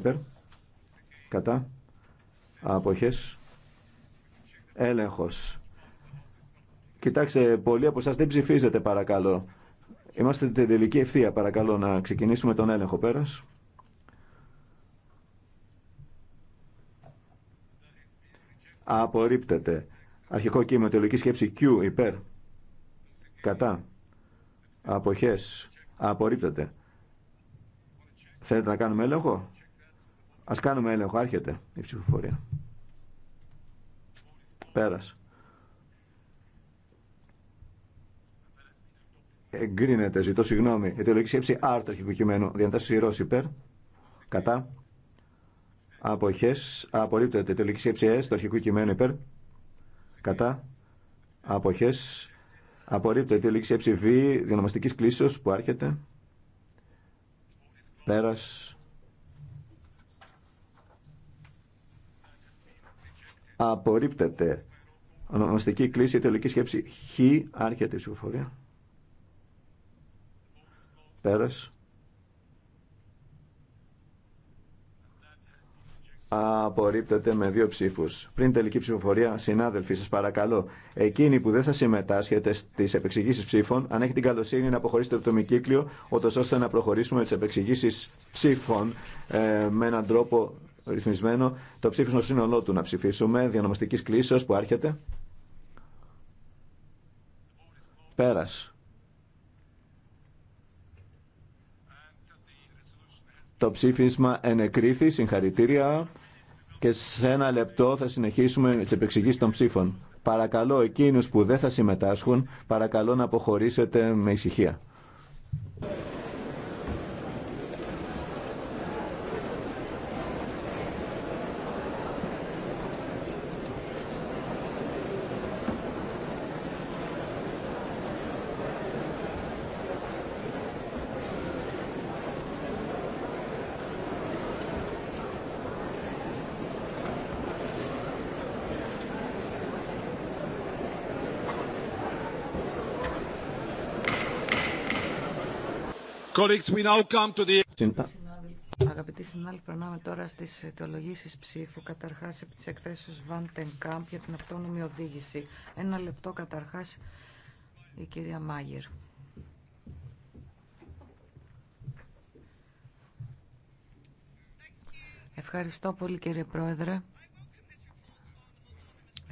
Υπέρ. Κατά. Αποχές. Έλεγχος. Κοιτάξτε, πολλοί από εσά δεν ψηφίζετε παρακαλώ. Είμαστε την τελική ευθεία παρακαλώ να ξεκινήσουμε τον έλεγχο πέρας. Απορρίπτεται. Αρχικό κείμενο, τελική σκέψη Q υπέρ. Κατά. Αποχές. Απορρίπτεται. Θέλετε να κάνουμε έλεγχο. Α κάνουμε έλεγχο. Άρχεται η ψηφοφορία. Πέρας. Εγκρίνεται, ζητώ συγγνώμη. Η τελική σκέψη R του αρχικού κειμένου. Διαντάσει ρος υπέρ. Κατά. Αποχές. Απορρίπτεται. Η τελική σκέψη S του αρχικού κειμένου υπέρ. Κατά. Αποχές. Απορρίπτεται. Η τελική σκέψη V διονομαστικής κλίσεως που άρχεται. Πέρας Απορρίπτεται. Ονομαστική κλίση, τελική σκέψη. Χ, άρχεται η ψηφοφορία. Πέρα. Απορρίπτεται με δύο ψήφους. Πριν τελική ψηφοφορία, συνάδελφοι, Σα παρακαλώ, εκείνοι που δεν θα συμμετάσχετε στις επεξηγήσει ψήφων, αν έχετε την καλοσύνη να αποχωρήσετε από το μικύκλιο, ώστε να προχωρήσουμε τι επεξηγήσει ψήφων ε, με έναν τρόπο ρυθμισμένο το ψήφισμα σύνολό του να ψηφίσουμε διανομαστικής κλίση που άρχεται πέρας το ψήφισμα ενεκρίθη συγχαρητήρια και σε ένα λεπτό θα συνεχίσουμε τι επεξηγήσει των ψήφων παρακαλώ εκείνους που δεν θα συμμετάσχουν παρακαλώ να αποχωρήσετε με ησυχία Colleagues, Αγαπητοί συνάδελφοι, περνάμε τώρα στι αιτιολογήσει ψήφου. Καταρχά, επί τη εκθέσεω Βάντεν Κάμπ για την αυτόνομη οδήγηση. Ένα λεπτό καταρχά, η κυρία Μάγερ. Ευχαριστώ πολύ κύριε Πρόεδρε.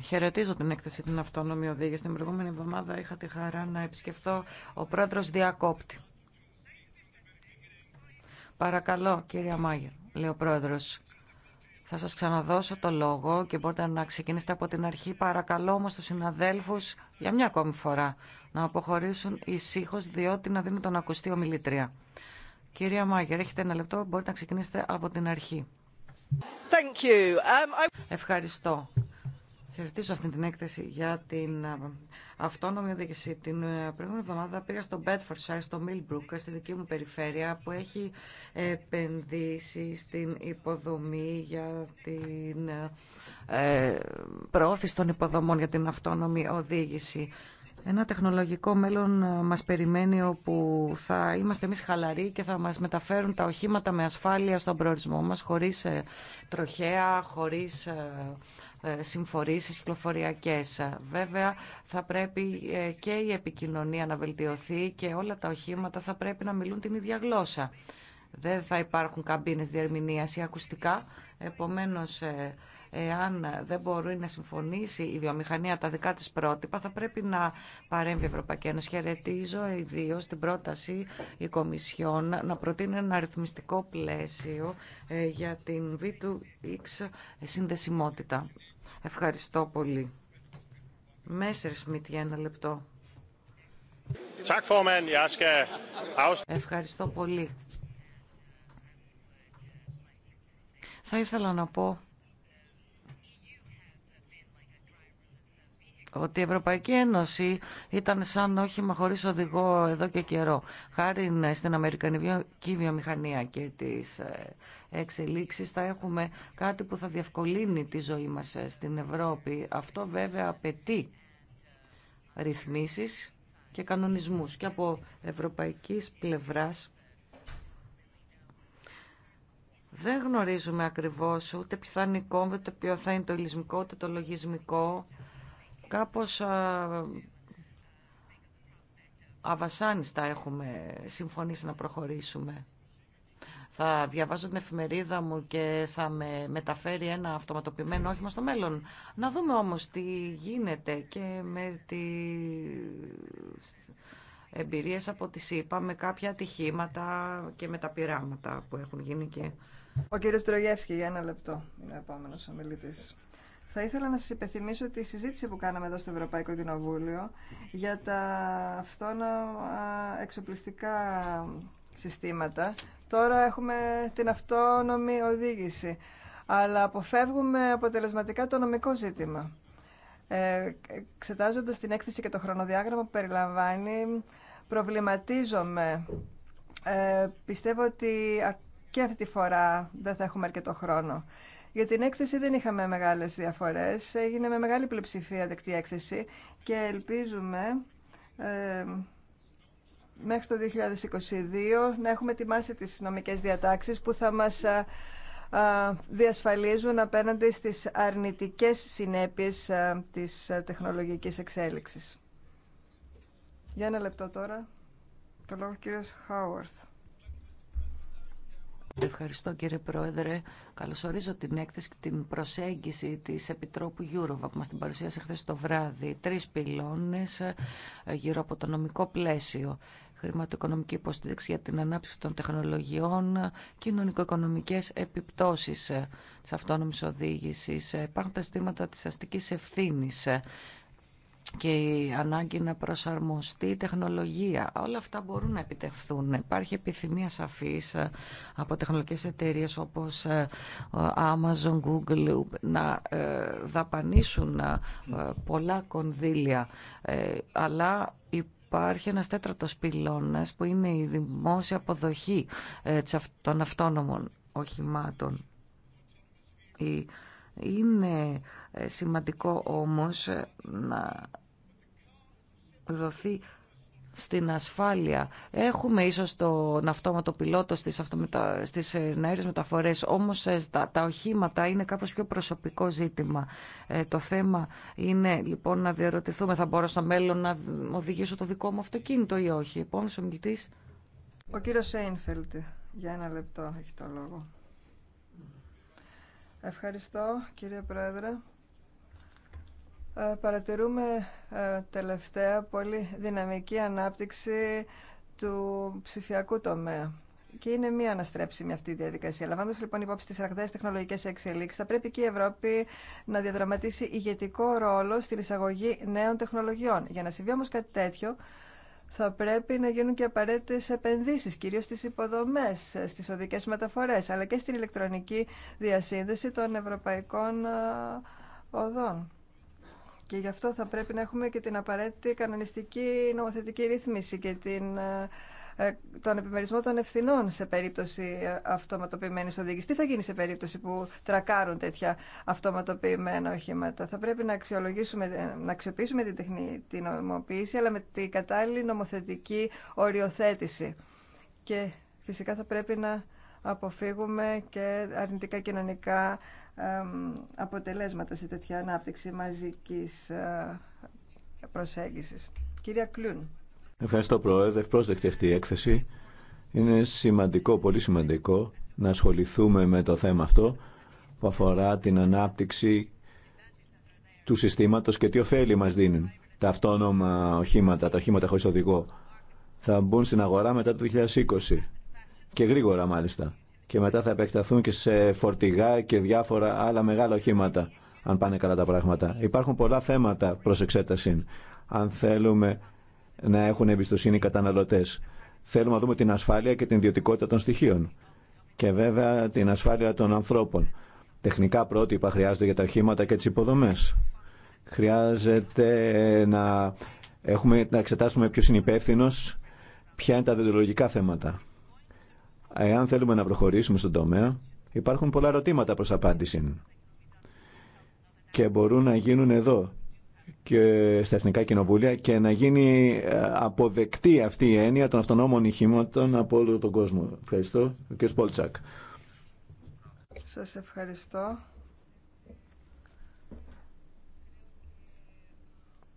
Χαιρετίζω την έκθεση την αυτόνομη οδήγηση. Την προηγούμενη εβδομάδα είχα τη χαρά να επισκεφθώ ο πρόεδρος Διακόπτη Παρακαλώ, κύριε Μάγερ, λέει ο πρόεδρος. Θα σας ξαναδώσω το λόγο και μπορείτε να ξεκινήσετε από την αρχή. Παρακαλώ όμω τους συναδέλφους για μια ακόμη φορά να αποχωρήσουν ησύχω διότι να δίνουν τον ακουστή ομιλήτρια. Κυρία Μάγερ, έχετε ένα λεπτό, μπορείτε να ξεκινήσετε από την αρχή. Thank you. Um, Ευχαριστώ. Χαιρετίζω αυτή την έκθεση για την ε, αυτόνομη οδήγηση. Την ε, προηγούμενη εβδομάδα πήγα στο Bedfordshire, στο Millbrook, στη δική μου περιφέρεια, που έχει επενδύσει στην υποδομή για την ε, προώθηση των υποδομών για την αυτόνομη οδήγηση. Ένα τεχνολογικό μέλλον ε, μας περιμένει όπου θα είμαστε εμείς χαλαροί και θα μας μεταφέρουν τα οχήματα με ασφάλεια στον προορισμό μας χωρίς ε, τροχέα, χωρίς ε, συμφορήσεις κυκλοφοριακές. Βέβαια θα πρέπει και η επικοινωνία να βελτιωθεί και όλα τα οχήματα θα πρέπει να μιλούν την ίδια γλώσσα. Δεν θα υπάρχουν καμπίνες διερμηνίας ή ακουστικά, επομένως εάν δεν μπορεί να συμφωνήσει η βιομηχανία τα δικά της πρότυπα, θα πρέπει να παρέμβει η Ευρωπαϊκή Ένωση. Χαιρετίζω ιδίω την πρόταση η Κομισιόν να προτείνει ένα αριθμιστικό πλαίσιο ε, για την V2X συνδεσιμότητα. Ευχαριστώ πολύ. Μέσερ Σμιτ για ένα λεπτό. Ευχαριστώ πολύ. Θα ήθελα να πω ότι η Ευρωπαϊκή Ένωση ήταν σαν όχημα χωρί οδηγό εδώ και καιρό. Χάρη ε, στην Αμερικανική βιομηχανία και τις ε, εξελίξεις θα έχουμε κάτι που θα διευκολύνει τη ζωή μας ε, στην Ευρώπη. Αυτό βέβαια απαιτεί ρυθμίσεις και κανονισμούς και από ευρωπαϊκής πλευράς δεν γνωρίζουμε ακριβώς ούτε ποιο θα θα είναι το ελισμικό, ούτε το λογισμικό Κάπως αβασάνιστα έχουμε συμφωνήσει να προχωρήσουμε. Θα διαβάζω την εφημερίδα μου και θα με μεταφέρει ένα αυτοματοποιημένο όχημα στο μέλλον. Να δούμε όμως τι γίνεται και με τι εμπειρίες από τη σύπα με κάποια ατυχήματα και με τα πειράματα που έχουν γίνει και... Ο κύριος Τρογεύσκη για ένα λεπτό είναι ο επόμενος ομιλητής. Θα ήθελα να σας υπενθυμίσω τη συζήτηση που κάναμε εδώ στο Ευρωπαϊκό Κοινοβούλιο για τα αυτόνομα εξοπλιστικά συστήματα. Τώρα έχουμε την αυτόνομη οδήγηση, αλλά αποφεύγουμε αποτελεσματικά το νομικό ζήτημα. Ε, την έκθεση και το χρονοδιάγραμμα που περιλαμβάνει, προβληματίζομαι. Ε, πιστεύω ότι και αυτή τη φορά δεν θα έχουμε αρκετό χρόνο. Για την έκθεση δεν είχαμε μεγάλες διαφορές. Έγινε με μεγάλη πλειοψηφία δεκτή έκθεση και ελπίζουμε ε, μέχρι το 2022 να έχουμε ετοιμάσει τις νομικές διατάξεις που θα μας ε, ε, διασφαλίζουν απέναντι στις αρνητικές συνέπειες της τεχνολογικής εξέλιξης. Για ένα λεπτό τώρα, το λόγο κύριος Χάουαρθ. Ευχαριστώ κύριε Πρόεδρε. Καλωσορίζω την έκθεση και την προσέγγιση της Επιτρόπου Γιούροβα που μας την παρουσίασε χθε το βράδυ. Τρεις πυλώνες ε, γύρω από το νομικό πλαίσιο χρηματοοικονομική υποστήριξη για την ανάπτυξη των τεχνολογιών, κοινωνικο-οικονομικές επιπτώσεις ε, της αυτόνομης οδήγησης. Ε, υπάρχουν τα αισθήματα της αστικής ευθύνης και η ανάγκη να προσαρμοστεί η τεχνολογία. Όλα αυτά μπορούν να επιτευχθούν. Υπάρχει επιθυμία σαφής ε, από τεχνολογικές εταιρείες όπως ε, Amazon, Google να ε, δαπανίσουν πολλά κονδύλια. Αλλά υπάρχει ένας τέταρτος πυλώνας που είναι η δημόσια αποδοχή των αυτόνομων οχημάτων. Είναι ε, σημαντικό όμως ε, να δοθεί στην ασφάλεια. Έχουμε ίσως τον αυτόματο πιλότο στις, αυτομετα... στις ε, νέες μεταφορές, όμως τα, τα οχήματα είναι κάπως πιο προσωπικό ζήτημα. το θέμα είναι λοιπόν να διαρωτηθούμε, θα μπορώ στο μέλλον να οδηγήσω το δικό μου αυτοκίνητο ή όχι. ο μιλητής. Ο κύριος Σέινφελτ, για ένα λεπτό έχει το λόγο. Ευχαριστώ κύριε Πρόεδρε. Ε, παρατηρούμε ε, τελευταία πολύ δυναμική ανάπτυξη του ψηφιακού τομέα. Και είναι μία αναστρέψιμη αυτή η διαδικασία. Λαμβάνοντα λοιπόν υπόψη τι ραγδαίε τεχνολογικέ εξελίξει, θα πρέπει και η Ευρώπη να διαδραματίσει ηγετικό ρόλο στην εισαγωγή νέων τεχνολογιών. Για να συμβεί όμω κάτι τέτοιο, θα πρέπει να γίνουν και απαραίτητε επενδύσει, κυρίω στι υποδομέ, στι οδικέ μεταφορέ, αλλά και στην ηλεκτρονική διασύνδεση των ευρωπαϊκών ε, οδών. Και γι' αυτό θα πρέπει να έχουμε και την απαραίτητη κανονιστική νομοθετική ρύθμιση και την, ε, ε, τον επιμερισμό των ευθυνών σε περίπτωση ε, αυτοματοποιημένη οδήγηση. Τι θα γίνει σε περίπτωση που τρακάρουν τέτοια αυτοματοποιημένα οχήματα. Θα πρέπει να, αξιολογήσουμε, να αξιοποιήσουμε την, τεχνική την νομοποίηση αλλά με την κατάλληλη νομοθετική οριοθέτηση. Και φυσικά θα πρέπει να αποφύγουμε και αρνητικά κοινωνικά αποτελέσματα σε τέτοια ανάπτυξη μαζικής ε, προσέγγισης. Κυρία Κλούν. Ευχαριστώ Πρόεδρε. Πρόσδεκτη αυτή η έκθεση. Είναι σημαντικό, πολύ σημαντικό να ασχοληθούμε με το θέμα αυτό που αφορά την ανάπτυξη του συστήματος και τι ωφέλη μας δίνουν τα αυτόνομα οχήματα, τα οχήματα χωρίς οδηγό. Θα μπουν στην αγορά μετά το 2020 και γρήγορα μάλιστα. Και μετά θα επεκταθούν και σε φορτηγά και διάφορα άλλα μεγάλα οχήματα, αν πάνε καλά τα πράγματα. Υπάρχουν πολλά θέματα προ εξέταση, αν θέλουμε να έχουν εμπιστοσύνη οι καταναλωτές. Θέλουμε να δούμε την ασφάλεια και την ιδιωτικότητα των στοιχείων. Και βέβαια την ασφάλεια των ανθρώπων. Τεχνικά πρότυπα χρειάζονται για τα οχήματα και τι υποδομέ. Χρειάζεται να, έχουμε, να εξετάσουμε ποιο είναι υπεύθυνο, ποια είναι τα δεντρολογικά θέματα Εάν θέλουμε να προχωρήσουμε στον τομέα, υπάρχουν πολλά ερωτήματα προς απάντηση και μπορούν να γίνουν εδώ και στα Εθνικά Κοινοβούλια και να γίνει ε, αποδεκτή αυτή η έννοια των αυτονόμων ηχημάτων από όλο τον κόσμο. Ευχαριστώ. Ο κ. Πολτσακ. Σας ευχαριστώ.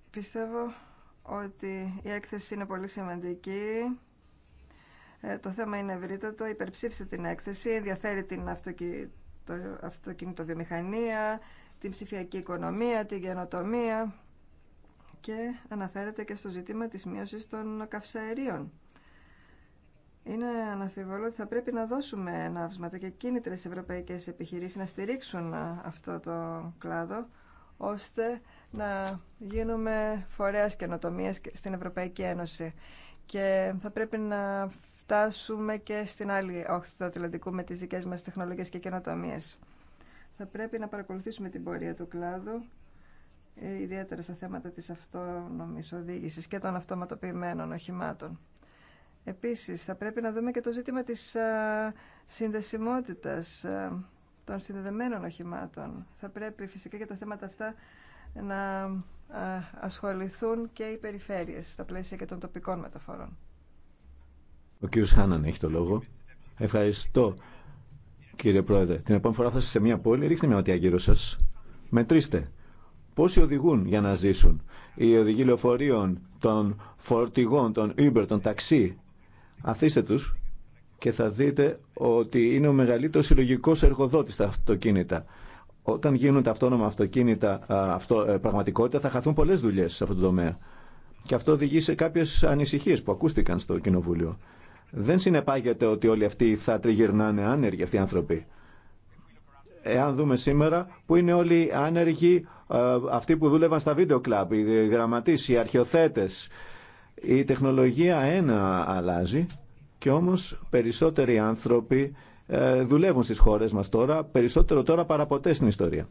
Πιστεύω ότι η έκθεση είναι πολύ σημαντική ε, το θέμα είναι ευρύτατο. Υπερψήφισε την έκθεση, ενδιαφέρει την αυτοκινητοβιομηχανία, την ψηφιακή οικονομία, την καινοτομία και αναφέρεται και στο ζήτημα της μείωσης των καυσαερίων. Είναι αναφιβολό ότι θα πρέπει να δώσουμε ναύσματα και κίνητρες ευρωπαϊκές επιχειρήσεις να στηρίξουν αυτό το κλάδο ώστε να γίνουμε φορέα καινοτομία στην Ευρωπαϊκή Ένωση. Και θα πρέπει να φτάσουμε και στην άλλη όχθη του Ατλαντικού με τις δικές μας τεχνολογίες και καινοτομίες. Θα πρέπει να παρακολουθήσουμε την πορεία του κλάδου, ε, ιδιαίτερα στα θέματα της αυτόνομης οδήγησης και των αυτοματοποιημένων οχημάτων. Επίσης, θα πρέπει να δούμε και το ζήτημα της ε, συνδεσιμότητας ε, των συνδεδεμένων οχημάτων. Θα πρέπει φυσικά για τα θέματα αυτά να ασχοληθούν και οι περιφέρειες στα πλαίσια και των τοπικών μεταφορών. Ο κύριος Χάναν έχει το λόγο. Ευχαριστώ, κύριε Πρόεδρε. Την επόμενη φορά θα είστε σε μια πόλη, ρίξτε μια ματιά γύρω σα. Μετρήστε. Πόσοι οδηγούν για να ζήσουν. Οι οδηγοί λεωφορείων, των φορτηγών, των Uber, των ταξί. Αφήστε του και θα δείτε ότι είναι ο μεγαλύτερο συλλογικό εργοδότης τα αυτοκίνητα. Όταν γίνουν τα αυτόνομα αυτοκίνητα αυτό, ε, πραγματικότητα θα χαθούν πολλέ δουλειέ σε αυτό το τομέα. Και αυτό οδηγεί σε κάποιε ανησυχίε που ακούστηκαν στο Κοινοβούλιο δεν συνεπάγεται ότι όλοι αυτοί θα τριγυρνάνε άνεργοι αυτοί οι άνθρωποι. Εάν δούμε σήμερα που είναι όλοι άνεργοι ε, αυτοί που δούλευαν στα βίντεο κλαμπ, οι γραμματείς, οι αρχιοθέτες. Η τεχνολογία ένα αλλάζει και όμως περισσότεροι άνθρωποι ε, δουλεύουν στις χώρες μας τώρα, περισσότερο τώρα παραποτέ στην ιστορία.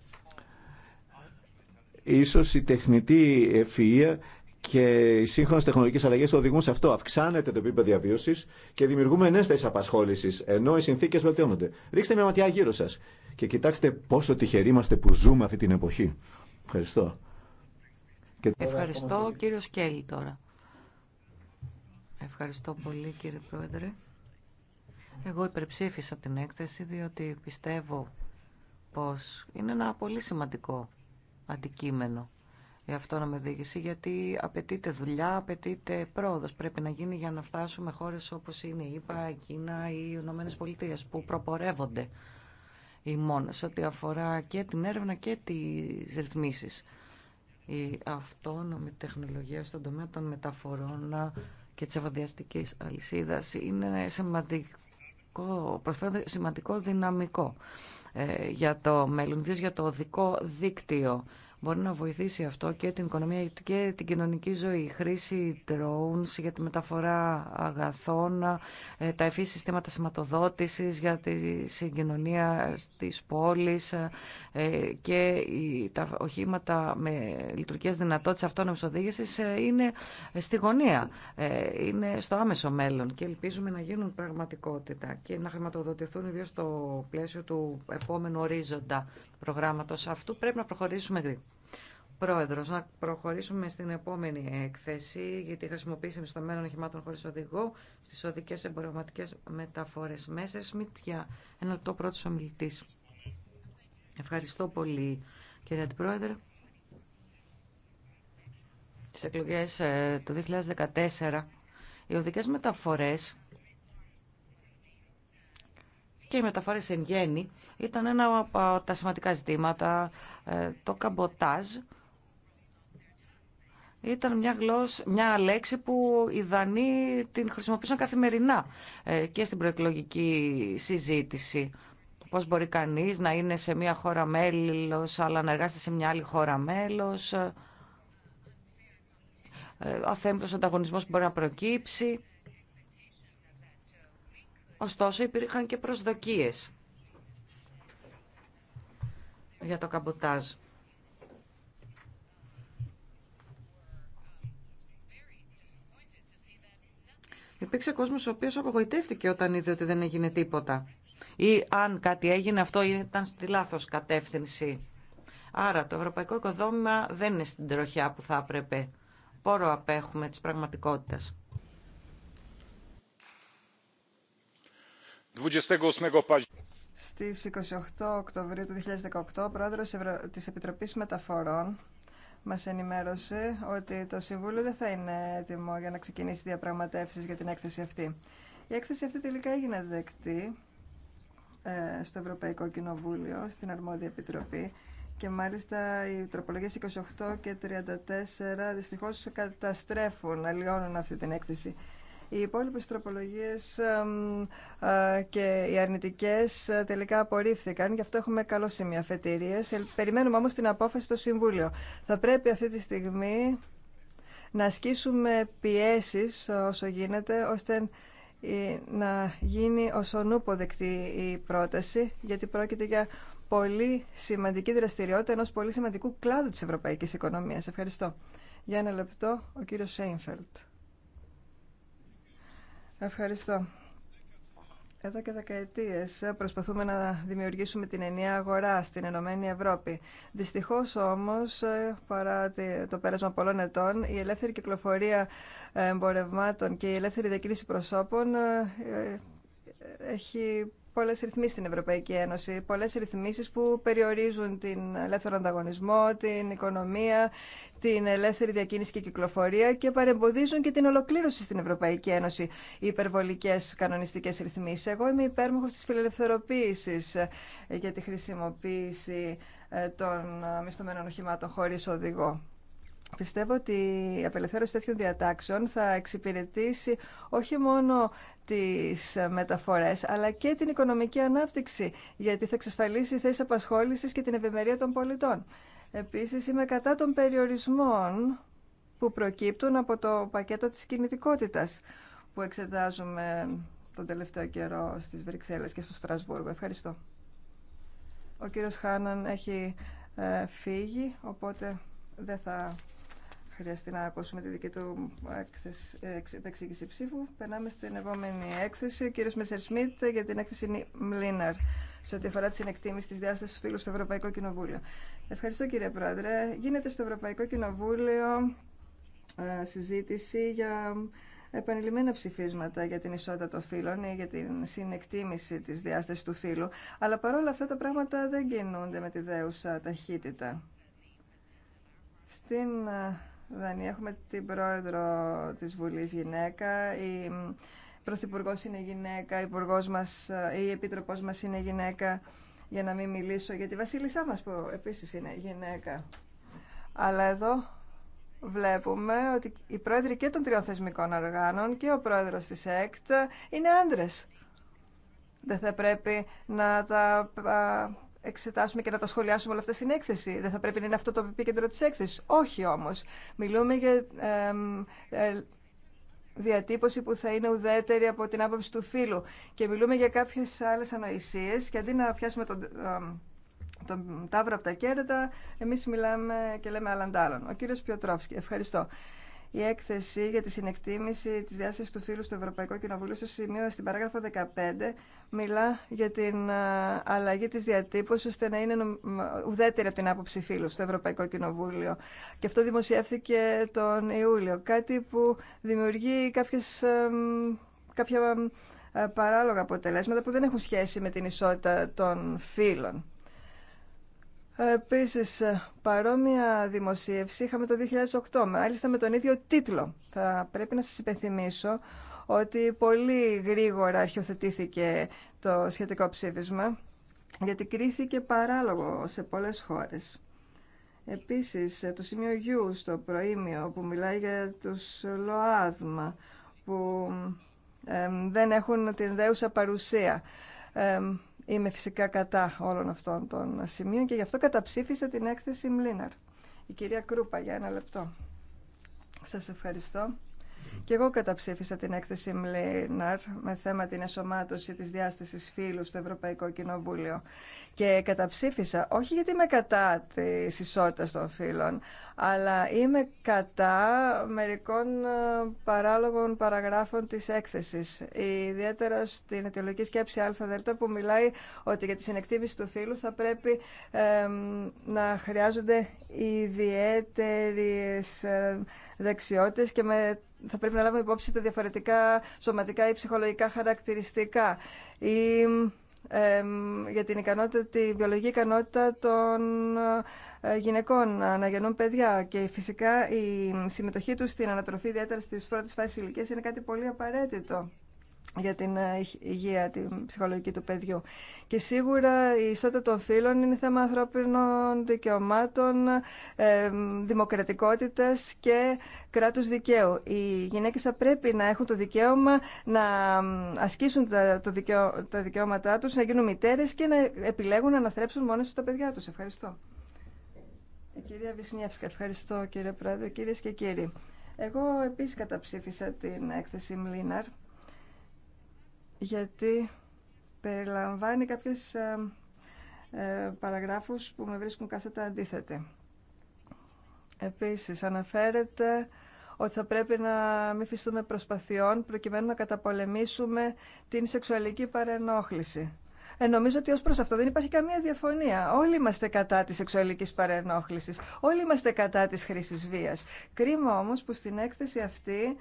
Ίσως η τεχνητή ευφυΐα και οι σύγχρονε τεχνολογικέ αλλαγέ οδηγούν σε αυτό. Αυξάνεται το επίπεδο διαβίωση και δημιουργούμε νέε θέσει απασχόληση, ενώ οι συνθήκε βελτιώνονται. Ρίξτε μια ματιά γύρω σα και κοιτάξτε πόσο τυχεροί είμαστε που ζούμε αυτή την εποχή. Ευχαριστώ. Ευχαριστώ Ευχαριστώ, κύριο Σκέλη τώρα. Ευχαριστώ πολύ, κύριε Πρόεδρε. Εγώ υπερψήφισα την έκθεση διότι πιστεύω πως είναι ένα πολύ σημαντικό αντικείμενο η αυτόνομη οδήγηση, γιατί απαιτείται δουλειά, απαιτείται πρόοδο. Πρέπει να γίνει για να φτάσουμε χώρε όπω είναι η ΕΠΑ, η Κίνα, οι Ηνωμένε Πολιτείε, που προπορεύονται οι μόνε ό,τι αφορά και την έρευνα και τι ρυθμίσει. Η αυτόνομη τεχνολογία στον τομέα των μεταφορών και τη ευαδιαστική αλυσίδα είναι σημαντικό, προσφέρει σημαντικό δυναμικό ε, για το μέλλον, για το οδικό δίκτυο Μπορεί να βοηθήσει αυτό και την οικονομία και την κοινωνική ζωή. Η χρήση drones για τη μεταφορά αγαθών, ε, τα ευφύ συστήματα σηματοδότηση για τη συγκοινωνία στις πόλεις ε, και τα οχήματα με λειτουργικέ δυνατότητες αυτόνομη οδήγηση ε, είναι στη γωνία, είναι στο άμεσο μέλλον και ελπίζουμε να γίνουν πραγματικότητα και να χρηματοδοτηθούν ιδίω στο πλαίσιο του επόμενου ορίζοντα προγράμματος αυτού πρέπει να προχωρήσουμε γρήγορα. Πρόεδρος, να προχωρήσουμε στην επόμενη έκθεση για τη χρησιμοποίηση μισθωμένων οχημάτων χωρίς οδηγό στις οδικές εμπορευματικές μεταφορές. Μέσερ Σμιτ για ένα λεπτό πρώτος ομιλητής. Ευχαριστώ πολύ κύριε Αντιπρόεδρε. Στις εκλογές ε, του 2014 οι οδικές μεταφορές και οι μεταφορές εν γέννη ήταν ένα από τα σημαντικά ζητήματα. Ε, το καμποτάζ ήταν μια, γλώσσα, μια λέξη που οι Δανείοι την χρησιμοποίησαν καθημερινά ε, και στην προεκλογική συζήτηση. Πώς μπορεί κανείς να είναι σε μια χώρα μέλος αλλά να εργάζεται σε μια άλλη χώρα μέλος. Αθέμπτος ε, ανταγωνισμός που μπορεί να προκύψει Ωστόσο υπήρχαν και προσδοκίες για το καμποτάζ. Υπήρξε κόσμος ο οποίος απογοητεύτηκε όταν είδε ότι δεν έγινε τίποτα. Ή αν κάτι έγινε αυτό ήταν στη λάθος κατεύθυνση. Άρα το ευρωπαϊκό οικοδόμημα δεν είναι στην τροχιά που θα έπρεπε. Πόρο απέχουμε της πραγματικότητας. Στις 28 Οκτωβρίου του 2018, ο πρόεδρος της Επιτροπής Μεταφορών μας ενημέρωσε ότι το Συμβούλιο δεν θα είναι έτοιμο για να ξεκινήσει διαπραγματεύσεις για την έκθεση αυτή. Η έκθεση αυτή τελικά έγινε δεκτή ε, στο Ευρωπαϊκό Κοινοβούλιο, στην Αρμόδια Επιτροπή και μάλιστα οι τροπολογίες 28 και 34 δυστυχώς καταστρέφουν, αλλοιώνουν αυτή την έκθεση. Οι υπόλοιπες τροπολογίες και οι αρνητικές ε, τελικά απορρίφθηκαν. Γι' αυτό έχουμε καλό σημείο αφετηρίες. Ε, περιμένουμε όμως την απόφαση στο Συμβούλιο. Θα πρέπει αυτή τη στιγμή να ασκήσουμε πιέσεις ε, όσο γίνεται, ώστε να γίνει osonoύπο δεκτή η πρόταση, γιατί πρόκειται για πολύ σημαντική δραστηριότητα ενός πολύ σημαντικού κλάδου της ευρωπαϊκής οικονομίας. Ευχαριστώ. Για ένα λεπτό, ο κύριος Σέινφελτ. Ευχαριστώ. Εδώ και δεκαετίες προσπαθούμε να δημιουργήσουμε την ενιαία αγορά στην Ενωμένη Ευρώπη. Δυστυχώς όμως, παρά το πέρασμα πολλών ετών, η ελεύθερη κυκλοφορία εμπορευμάτων και η ελεύθερη διακίνηση προσώπων ε, ε, έχει πολλέ ρυθμίσει στην Ευρωπαϊκή Ένωση. Πολλέ ρυθμίσει που περιορίζουν την ελεύθερο ανταγωνισμό, την οικονομία, την ελεύθερη διακίνηση και κυκλοφορία και παρεμποδίζουν και την ολοκλήρωση στην Ευρωπαϊκή Ένωση οι υπερβολικέ κανονιστικέ ρυθμίσει. Εγώ είμαι υπέρμαχο τη φιλελευθερωποίηση ε, για τη χρησιμοποίηση ε, των ε, μισθωμένων οχημάτων χωρί οδηγό. Πιστεύω ότι η απελευθέρωση τέτοιων διατάξεων θα εξυπηρετήσει όχι μόνο τις μεταφορές, αλλά και την οικονομική ανάπτυξη, γιατί θα εξασφαλίσει θέσεις απασχόλησης και την ευημερία των πολιτών. Επίσης, είμαι κατά των περιορισμών που προκύπτουν από το πακέτο της κινητικότητας που εξετάζουμε τον τελευταίο καιρό στις Βρυξέλλες και στο Στρασβούργο. Ευχαριστώ. Ο κύριος Χάναν έχει ε, φύγει, οπότε δεν θα χρειαστεί να ακούσουμε τη δική του επεξήγηση ψήφου. Περνάμε στην επόμενη έκθεση. Ο κύριος Μέσσερ Σμιτ για την έκθεση Μλίναρ σε ό,τι αφορά τη συνεκτίμηση τη διάσταση του φίλου στο Ευρωπαϊκό Κοινοβούλιο. Ευχαριστώ κύριε Πρόεδρε. Γίνεται στο Ευρωπαϊκό Κοινοβούλιο ε, συζήτηση για ε, επανειλημμένα ψηφίσματα για την ισότητα των φύλων ή για την συνεκτίμηση της διάστασης του φύλου, αλλά παρόλα αυτά τα πράγματα δεν κινούνται με τη δέουσα ταχύτητα. Στην ε, δεν έχουμε την πρόεδρο της Βουλής γυναίκα, η Πρωθυπουργό είναι γυναίκα, η, μας, η Επίτροπός μας είναι γυναίκα, για να μην μιλήσω για τη Βασίλισσά μας που επίσης είναι γυναίκα. Αλλά εδώ βλέπουμε ότι η πρόεδροι και των τριών θεσμικών οργάνων και ο πρόεδρος της ΕΚΤ είναι άντρες. Δεν θα πρέπει να τα εξετάσουμε και να τα σχολιάσουμε όλα αυτά στην έκθεση. Δεν θα πρέπει να είναι αυτό το επίκεντρο της έκθεσης. Όχι όμως. Μιλούμε για ε, διατύπωση που θα είναι ουδέτερη από την άποψη του φίλου και μιλούμε για κάποιες άλλες ανοησίες και αντί να πιάσουμε τον, τον τάβρο από τα κέρατα, εμείς μιλάμε και λέμε άλλον. Ο κύριος Πιοτρόφσκι, ευχαριστώ η έκθεση για τη συνεκτίμηση της διάστασης του φύλου στο Ευρωπαϊκό Κοινοβούλιο στο σημείο στην παράγραφο 15 μιλά για την αλλαγή της διατύπωσης ώστε να είναι ουδέτερη από την άποψη φύλου στο Ευρωπαϊκό Κοινοβούλιο. Και αυτό δημοσιεύθηκε τον Ιούλιο. Κάτι που δημιουργεί κάποιες, κάποια παράλογα αποτελέσματα που δεν έχουν σχέση με την ισότητα των φύλων. Επίση, ε, παρόμοια δημοσίευση είχαμε το 2008, μάλιστα με τον ίδιο τίτλο. Θα πρέπει να σας υπενθυμίσω ότι πολύ γρήγορα αρχιοθετήθηκε το σχετικό ψήφισμα, γιατί κρίθηκε παράλογο σε πολλές χώρες. Επίσης, ε, το σημείο γιου στο προήμιο που μιλάει για τους ΛΟΑΔΜΑ, που δεν έχουν την δέουσα παρουσία. Είμαι φυσικά κατά όλων αυτών των σημείων και γι' αυτό καταψήφισα την έκθεση Μλίναρ. Η κυρία Κρούπα για ένα λεπτό. Σας ευχαριστώ. Και εγώ καταψήφισα την έκθεση Μλίναρ με θέμα την εσωμάτωση της διάστασης φύλου στο Ευρωπαϊκό Κοινοβούλιο. Και καταψήφισα όχι γιατί είμαι κατά της ισότητας των φύλων, αλλά είμαι κατά μερικών ε, παράλογων παραγράφων της έκθεσης. Ιδιαίτερα στην αιτιολογική σκέψη ΑΔ που μιλάει ότι για τη συνεκτίμηση του φύλου θα πρέπει να χρειάζονται ιδιαίτερες ε, δεξιότητες και με θα πρέπει να λάβουμε υπόψη τα διαφορετικά σωματικά ή ψυχολογικά χαρακτηριστικά ή για την ικανότητα, τη βιολογική ικανότητα των ε, γυναικών να γεννούν παιδιά και φυσικά η συμμετοχή τους στην ανατροφή ιδιαίτερα στις πρώτες φάσεις ηλικίας είναι κάτι πολύ απαραίτητο για την ε, υγεία, την ψυχολογική του παιδιού. Και σίγουρα η ισότητα των φίλων είναι θέμα ανθρώπινων δικαιωμάτων, ε, δημοκρατικότητας και κράτους δικαίου. Οι γυναίκες θα πρέπει να έχουν το δικαίωμα να ασκήσουν τα, το τα δικαιώματά τους, να γίνουν μητέρες και να επιλέγουν να αναθρέψουν μόνες τους τα παιδιά τους. Ευχαριστώ. Η ε, κυρία Βυσνιεύσκα, ευχαριστώ κύριε Πρόεδρε, κυρίες και κύριοι. Εγώ επίσης καταψήφισα την έκθεση Μλίναρ γιατί περιλαμβάνει κάποιες ε, ε, παραγράφους που με βρίσκουν καθέτα αντίθετη. Επίσης, αναφέρεται ότι θα πρέπει να μην φυστούμε προσπαθειών προκειμένου να καταπολεμήσουμε την σεξουαλική παρενόχληση. Ε, νομίζω ότι ως προς αυτό δεν υπάρχει καμία διαφωνία. Όλοι είμαστε κατά τη σεξουαλική παρενόχλησης. Όλοι είμαστε κατά της χρήση βίας. Κρίμα όμως που στην έκθεση αυτή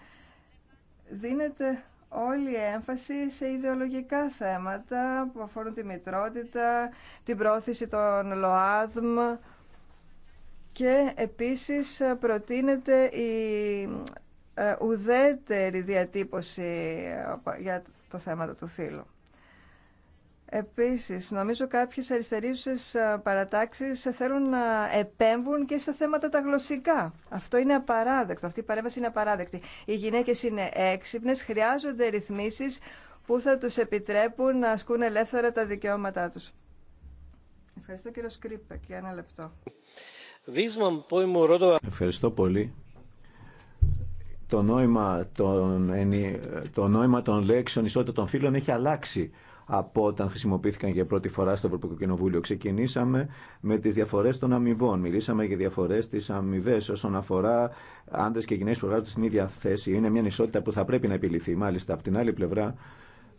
δίνεται όλη η έμφαση σε ιδεολογικά θέματα που αφορούν τη μητρότητα, την πρόθεση των ΛΟΑΔΜ και επίσης προτείνεται η ε, ουδέτερη διατύπωση ε, για το θέμα του φύλου. Επίσης, νομίζω κάποιες αριστερίζουσες παρατάξεις θέλουν να επέμβουν και στα θέματα τα γλωσσικά. Αυτό είναι απαράδεκτο, αυτή η παρέμβαση είναι απαράδεκτη. Οι γυναίκες είναι έξυπνες, χρειάζονται ρυθμίσεις που θα τους επιτρέπουν να ασκούν ελεύθερα τα δικαιώματά τους. Ευχαριστώ κύριο Σκρίπεκ για ένα λεπτό. Ευχαριστώ πολύ το νόημα των, το νόημα των λέξεων ισότητα των φίλων έχει αλλάξει από όταν χρησιμοποιήθηκαν για πρώτη φορά στο Ευρωπαϊκό Κοινοβούλιο. Ξεκινήσαμε με τι διαφορέ των αμοιβών. Μιλήσαμε για διαφορέ στι αμοιβέ όσον αφορά άντρε και γυναίκε που εργάζονται στην ίδια θέση. Είναι μια ισότητα που θα πρέπει να επιληθεί. Μάλιστα, από την άλλη πλευρά,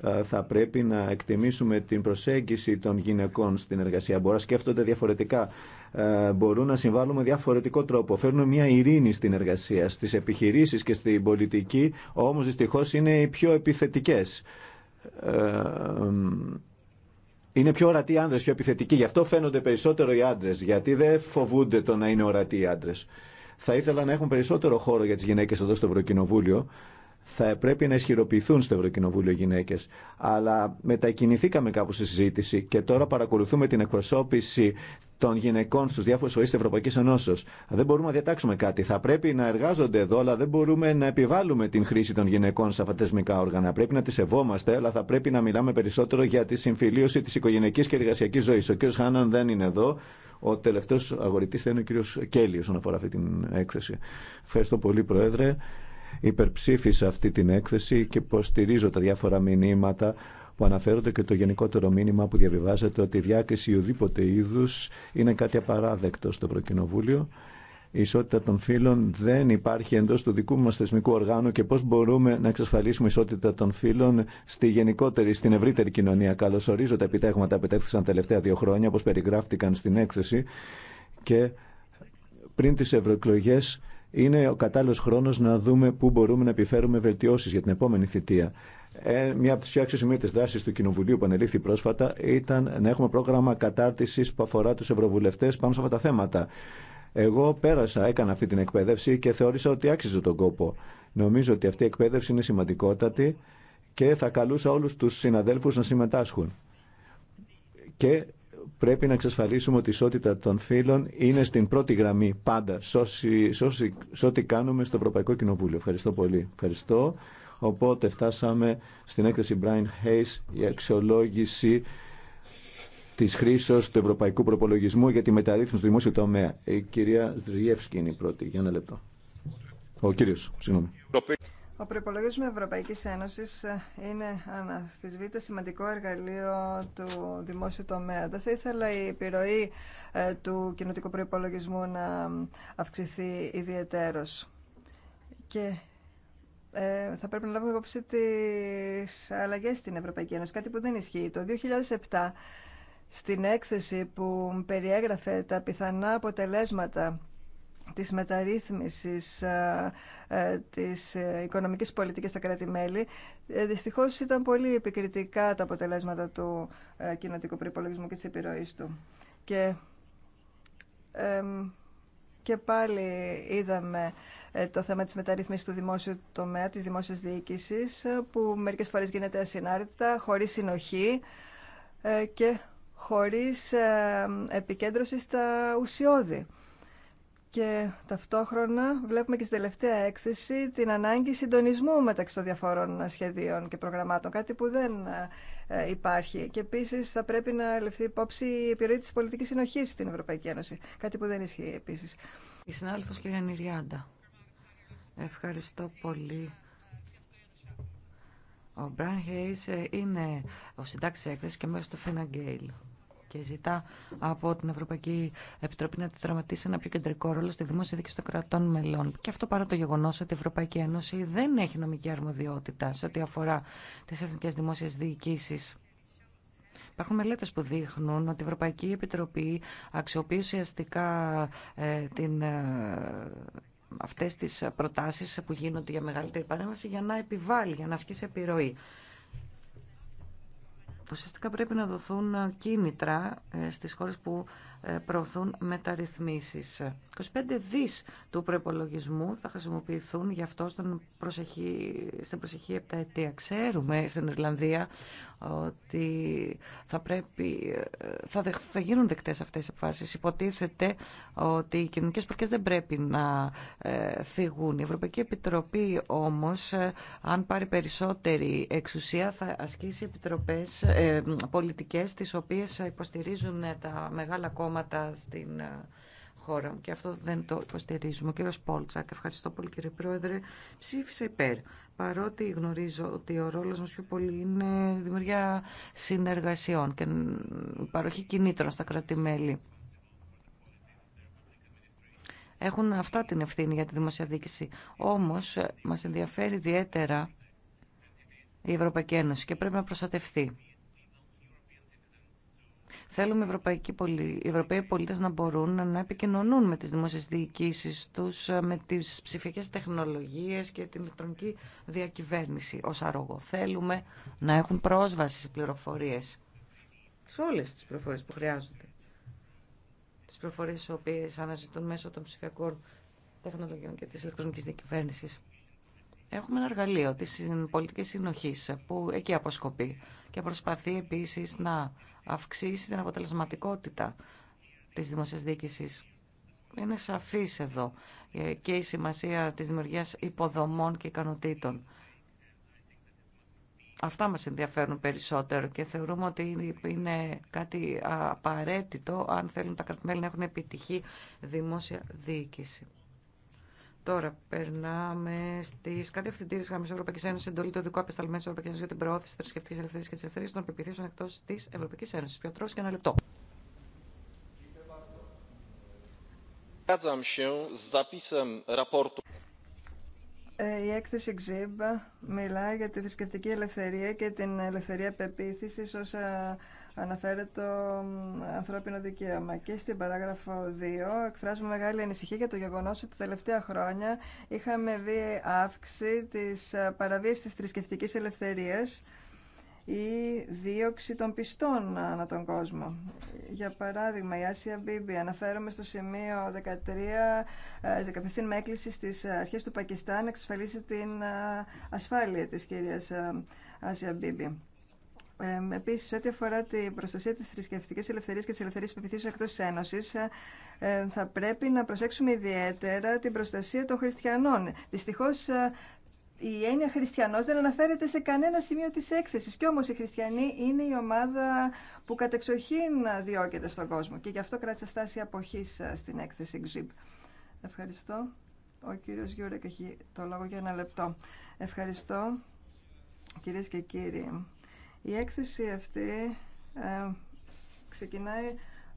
ε, θα πρέπει να εκτιμήσουμε την προσέγγιση των γυναικών στην εργασία. Μπορούν να σκέφτονται διαφορετικά. Ε, μπορούν να συμβάλλουν με διαφορετικό τρόπο. Φέρνουν μια ειρήνη στην εργασία, στι επιχειρήσει και στην πολιτική, όμω δυστυχώ είναι οι πιο επιθετικέ είναι πιο ορατοί οι πιο επιθετικοί. Γι' αυτό φαίνονται περισσότερο οι άντρε, γιατί δεν φοβούνται το να είναι ορατοί οι άντρε. Θα ήθελα να έχουν περισσότερο χώρο για τις γυναίκες εδώ στο Ευρωκοινοβούλιο θα πρέπει να ισχυροποιηθούν στο Ευρωκοινοβούλιο γυναίκε. Αλλά μετακινηθήκαμε κάπου στη συζήτηση και τώρα παρακολουθούμε την εκπροσώπηση των γυναικών στου διάφορου φορεί τη Ευρωπαϊκή Ενώσεω. Δεν μπορούμε να διατάξουμε κάτι. Θα πρέπει να εργάζονται εδώ, αλλά δεν μπορούμε να επιβάλλουμε την χρήση των γυναικών σε αυτά τα όργανα. Πρέπει να τι σεβόμαστε, αλλά θα πρέπει να μιλάμε περισσότερο για τη συμφιλίωση τη οικογενειακή και εργασιακή ζωή. Ο κ. Χάναν δεν είναι εδώ. Ο τελευταίο αγορητή θα είναι ο κ. Κέλλη, όσον αφορά αυτή την έκθεση. Ευχαριστώ πολύ, Πρόεδρε υπερψήφισα αυτή την έκθεση και υποστηρίζω τα διάφορα μηνύματα που αναφέρονται και το γενικότερο μήνυμα που διαβιβάζεται ότι η διάκριση ουδήποτε είδου είναι κάτι απαράδεκτο στο Ευρωκοινοβούλιο. Η ισότητα των φύλων δεν υπάρχει εντό του δικού μα θεσμικού οργάνου και πώ μπορούμε να εξασφαλίσουμε ισότητα των φύλων στη γενικότερη, στην ευρύτερη κοινωνία. Καλωσορίζω τα επιτέχματα που επιτέχθησαν τα τελευταία δύο χρόνια, όπω περιγράφτηκαν στην έκθεση. Και πριν τι ευρωεκλογέ, είναι ο κατάλληλο χρόνο να δούμε πού μπορούμε να επιφέρουμε βελτιώσει για την επόμενη θητεία. Ε, μια από τι πιο αξιοσημείωτε δράσει του Κοινοβουλίου που ανελήφθη πρόσφατα ήταν να έχουμε πρόγραμμα κατάρτιση που αφορά του ευρωβουλευτέ πάνω σε αυτά τα θέματα. Εγώ πέρασα, έκανα αυτή την εκπαίδευση και θεώρησα ότι άξιζε τον κόπο. Νομίζω ότι αυτή η εκπαίδευση είναι σημαντικότατη και θα καλούσα όλου του συναδέλφου να συμμετάσχουν. Και πρέπει να εξασφαλίσουμε ότι η ισότητα των φίλων. είναι στην πρώτη γραμμή πάντα σε ό,τι κάνουμε στο Ευρωπαϊκό Κοινοβούλιο. Ευχαριστώ πολύ. Ευχαριστώ. Οπότε φτάσαμε στην έκθεση Brian Hayes η αξιολόγηση της χρήσης του Ευρωπαϊκού Προπολογισμού για τη μεταρρύθμιση του δημόσιου τομέα. Η κυρία Σδριεύσκη είναι η πρώτη. Για ένα λεπτό. Ο κύριο συγγνώμη. Ο προπολογισμό Ευρωπαϊκή Ένωση ε, είναι αναφυσβήτα σημαντικό εργαλείο του δημόσιου τομέα. Δεν θα ήθελα η επιρροή ε, του κοινοτικού προπολογισμού να αυξηθεί ιδιαίτερω. Και ε, θα πρέπει να λάβουμε υπόψη τι αλλαγέ στην Ευρωπαϊκή Ένωση, κάτι που δεν ισχύει. Το 2007, στην έκθεση που περιέγραφε τα πιθανά αποτελέσματα της μεταρρύθμισης ε, ε, της ε, οικονομικής πολιτικής στα κράτη-μέλη. Δυστυχώς ήταν πολύ επικριτικά τα αποτελέσματα του κοινοτικού προϋπολογισμού και της επιρροής του. Και, και πάλι είδαμε το θέμα της μεταρρύθμισης του δημόσιου τομέα, της δημόσιας διοίκησης, που μερικές φορές γίνεται ασυνάρτητα, χωρίς συνοχή και χωρίς επικέντρωση στα ουσιώδη. Και ταυτόχρονα βλέπουμε και στην τελευταία έκθεση την ανάγκη συντονισμού μεταξύ των διαφόρων σχεδίων και προγραμμάτων, κάτι που δεν ε, υπάρχει. Και επίση θα πρέπει να ληφθεί υπόψη η επιρροή τη πολιτική συνοχή στην Ευρωπαϊκή Ένωση, κάτι που δεν ισχύει επίση. Η συνάδελφο κυρία Νιριάντα; Ευχαριστώ πολύ. Ο Μπραν Χέις ε, είναι ο συντάξης έκθεση και μέρος του Φίνα και ζητά από την Ευρωπαϊκή Επιτροπή να δραματίσει ένα πιο κεντρικό ρόλο στη δημόσια δίκηση των κρατών μελών. Και αυτό παρά το γεγονό ότι η Ευρωπαϊκή Ένωση δεν έχει νομική αρμοδιότητα σε ό,τι αφορά τι εθνικέ δημόσιε διοικήσει. Υπάρχουν μελέτε που δείχνουν ότι η Ευρωπαϊκή Επιτροπή αξιοποιεί ουσιαστικά ε, την ε, αυτές τις προτάσεις που γίνονται για μεγαλύτερη παρέμβαση για να επιβάλλει, για να ασκήσει επιρροή. Ουσιαστικά πρέπει να δοθούν κίνητρα ε, στις χώρες που ε, προωθούν μεταρρυθμίσεις. 25 δις του προπολογισμού θα χρησιμοποιηθούν γι' αυτό στην προσεχή, στην προσεχή επταετία. Ξέρουμε στην Ιρλανδία ότι θα, πρέπει, ε, θα, γίνουν δεκτές αυτές οι αποφάσεις. Υποτίθεται ότι οι κοινωνικές προκές δεν πρέπει να ε, θυγούν. Η Ευρωπαϊκή Επιτροπή όμως, αν πάρει περισσότερη εξουσία, θα ασκήσει επιτροπές ε, πολιτικές τις οποίες υποστηρίζουν τα μεγάλα κόμματα στην ε, χώρα μου και αυτό δεν το υποστηρίζουμε. Ο κύριος Πόλτσακ, ευχαριστώ πολύ κύριε Πρόεδρε, ψήφισε υπέρ. Παρότι γνωρίζω ότι ο ρόλος μας πιο πολύ είναι δημιουργία συνεργασιών και παροχή κινήτρων στα κρατη έχουν αυτά την ευθύνη για τη δημόσια Όμως ε, μας ενδιαφέρει ιδιαίτερα η Ευρωπαϊκή Ένωση και πρέπει να προστατευτεί. Θέλουμε οι Ευρωπαίοι πολίτες να μπορούν να επικοινωνούν με τις δημόσίε διοικήσεις του ε, με τις ψηφιακές τεχνολογίες και την ηλεκτρονική διακυβέρνηση ω αρρώγο. Θέλουμε να έχουν πρόσβαση σε πληροφορίες, σε όλες τις πληροφορίες που χρειάζονται. Τις πληροφορίες που αναζητούν μέσω των ψηφιακών τεχνολογιών και τη ηλεκτρονική διακυβέρνηση. Έχουμε ένα εργαλείο της πολιτικής συνοχής που εκεί αποσκοπεί και προσπαθεί επίσης να αυξήσει την αποτελεσματικότητα της δημοσίας διοίκησης. Είναι σαφής εδώ ε, και η σημασία της δημιουργίας υποδομών και ικανοτήτων. Αυτά μας ενδιαφέρουν περισσότερο και θεωρούμε ότι είναι κάτι απαραίτητο αν θέλουν τα κρατημέλη να έχουν επιτυχή δημόσια διοίκηση. Τώρα περνάμε στι κατευθυντήρε γραμμέ Ευρωπαϊκή Ένωση, εντολή του ειδικού απεσταλμένου Ευρωπαϊκή Ένωση για την προώθηση τη θρησκευτική ελευθερία και τη ελευθερία των πεπιθήσεων εκτό τη Ευρωπαϊκή Ένωση. Πιο τρόπο και ένα λεπτό. Ε, η έκθεση ΞΥΜΠΑ μιλάει για τη θρησκευτική ελευθερία και την ελευθερία πεποίθησης ως ε, αναφέρεται το ανθρώπινο δικαίωμα. Και στην παράγραφο 2 εκφράζουμε μεγάλη ανησυχία για το γεγονός ότι τα τελευταία χρόνια είχαμε βίαιη αύξηση της ε, παραβίασης της θρησκευτική ελευθερίας ή δίωξη των πιστών ανά τον κόσμο. Για παράδειγμα, η Άσια Μπίμπη, αναφέρομαι στο σημείο 13, ζεκαπευθύν ε, με έκκληση στις αρχές του Πακιστάν εξασφαλίσει την ε, ασφάλεια της κυρίας Άσια Μπίμπη. Επίση, ό,τι αφορά την προστασία τη θρησκευτική ελευθερία και τη ελευθερία πεπιθήσεω εκτό Ένωση, ε, θα πρέπει να προσέξουμε ιδιαίτερα την προστασία των χριστιανών. Δυστυχώ, ε, η έννοια χριστιανό δεν αναφέρεται σε κανένα σημείο τη έκθεση. Κι όμω οι χριστιανοί είναι η ομάδα που κατεξοχήν διώκεται στον κόσμο και γι' αυτό κράτησε στάση αποχής ε, στην έκθεση XIP. Ευχαριστώ. Ο κύριο Γιούρεκ έχει το λόγο για ένα λεπτό. Ευχαριστώ κυρίες και κύριοι. Η έκθεση αυτή ε, ξεκινάει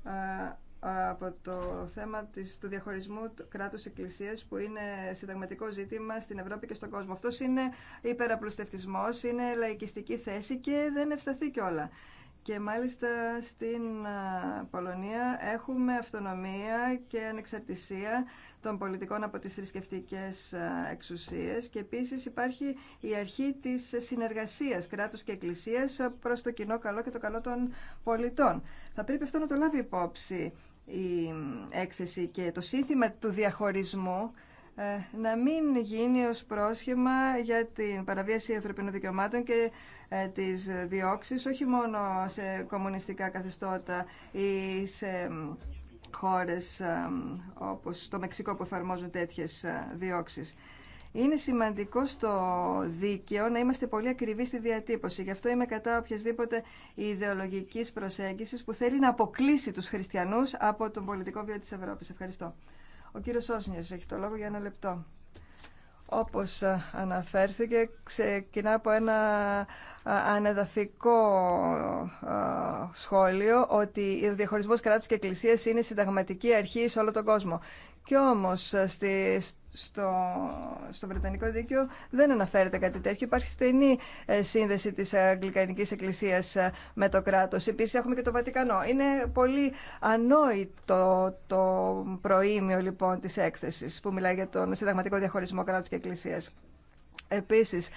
ε, από το θέμα της, του διαχωρισμού κράτους-εκκλησίας που είναι συνταγματικό ζήτημα στην Ευρώπη και στον κόσμο. Αυτός είναι υπεραπλουστευτισμός, είναι λαϊκιστική θέση και δεν ευσταθεί κιόλα. Και μάλιστα στην Πολωνία έχουμε αυτονομία και ανεξαρτησία των πολιτικών από τις θρησκευτικέ εξουσίες και επίσης υπάρχει η αρχή της συνεργασίας κράτους και εκκλησίας προς το κοινό καλό και το καλό των πολιτών. Θα πρέπει αυτό να το λάβει υπόψη η έκθεση και το σύνθημα του διαχωρισμού ε, να μην γίνει ως πρόσχημα για την παραβίαση ανθρωπίνων δικαιωμάτων και ε, τις διώξεις, όχι μόνο σε κομμουνιστικά καθεστώτα ή σε χώρες ε, όπως το Μεξικό που εφαρμόζουν τέτοιες διώξεις. Είναι σημαντικό στο δίκαιο να είμαστε πολύ ακριβείς στη διατύπωση. Γι' αυτό είμαι κατά οποιασδήποτε ιδεολογικής προσέγγισης που θέλει να αποκλείσει τους χριστιανούς από τον πολιτικό βίο της Ευρώπης. Ευχαριστώ. Ο κύριος Όσνιος έχει το λόγο για ένα λεπτό. Όπως ε, αναφέρθηκε, ξεκινά από ένα ε, ανεδαφικό ε, σχόλιο ότι ο διαχωρισμός κράτους και εκκλησίας είναι συνταγματική αρχή σε όλο τον κόσμο. Κι όμως ε, στη, στο, στο Βρετανικό Δίκαιο δεν αναφέρεται κάτι τέτοιο. Υπάρχει στενή ε, σύνδεση της Αγγλικανικής Εκκλησίας ε, με το κράτος. Επίσης έχουμε και το Βατικανό. Είναι πολύ ανόητο το προήμιο λοιπόν της έκθεσης που μιλάει για τον συνταγματικό διαχωρισμό κράτους και εκκλησίας. Επίσης,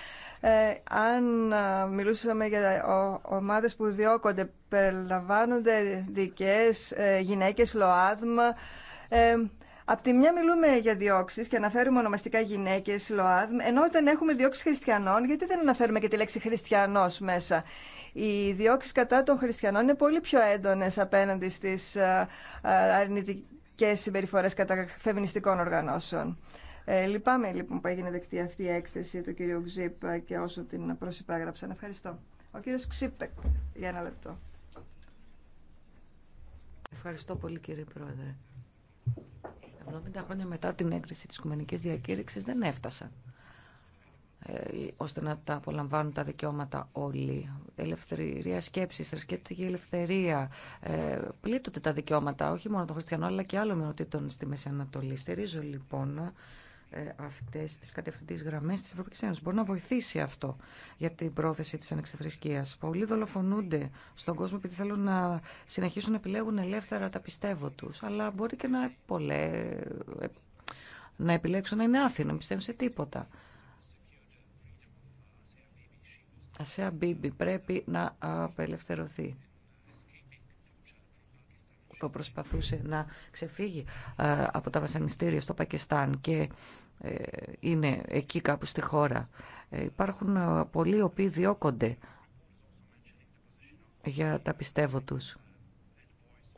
αν μιλούσαμε για ομάδες που διώκονται, περιλαμβάνονται δικές, ε, γυναίκες, ΛΟΑΔΜΑ, Απ' τη μια μιλούμε για διώξει και αναφέρουμε ονομαστικά γυναίκε, ΛΟΑΔ, ενώ όταν έχουμε διώξει χριστιανών, γιατί δεν αναφέρουμε και τη λέξη χριστιανό μέσα. Οι διώξει κατά των χριστιανών είναι πολύ πιο έντονε απέναντι στι ε, ε, αρνητικέ συμπεριφορέ κατά φεμινιστικών οργανώσεων. Ε, λυπάμαι λοιπόν που έγινε δεκτή αυτή η έκθεση του κυρίου Ξύπ και όσο την προσυπέγραψαν. Ευχαριστώ. Ο κύριος Ξύπεκ, για ένα λεπτό. Ευχαριστώ πολύ κύριε Πρόεδρε. 70 χρόνια μετά την έγκριση της Οικουμενικής Διακήρυξης δεν έφτασαν ε, ώστε να τα απολαμβάνουν τα δικαιώματα όλοι. Ελευθερία σκέψη, θρησκευτική ελευθερία. Ε, πλήττονται τα δικαιώματα όχι μόνο των χριστιανών αλλά και άλλων μειονοτήτων στη Μέση Ανατολή. Στηρίζω λοιπόν ε, αυτές τις κατευθυντήριες γραμμές της Ευρωπαϊκής Ένωσης. Μπορεί να βοηθήσει αυτό για την πρόθεση της ανεξιθρησκείας. Πολλοί δολοφονούνται στον κόσμο επειδή θέλουν να συνεχίσουν να επιλέγουν ελεύθερα τα πιστεύω τους, αλλά μπορεί και να, πολλέ... Ε, να επιλέξουν να είναι άθινο, να πιστεύουν σε τίποτα. Ασέα Μπίμπι πρέπει να απελευθερωθεί Το προσπαθούσε να ξεφύγει ε, από τα βασανιστήρια στο Πακιστάν και ε, είναι εκεί κάπου στη χώρα. Ε, υπάρχουν ε, πολλοί οποίοι διώκονται για τα πιστεύω τους.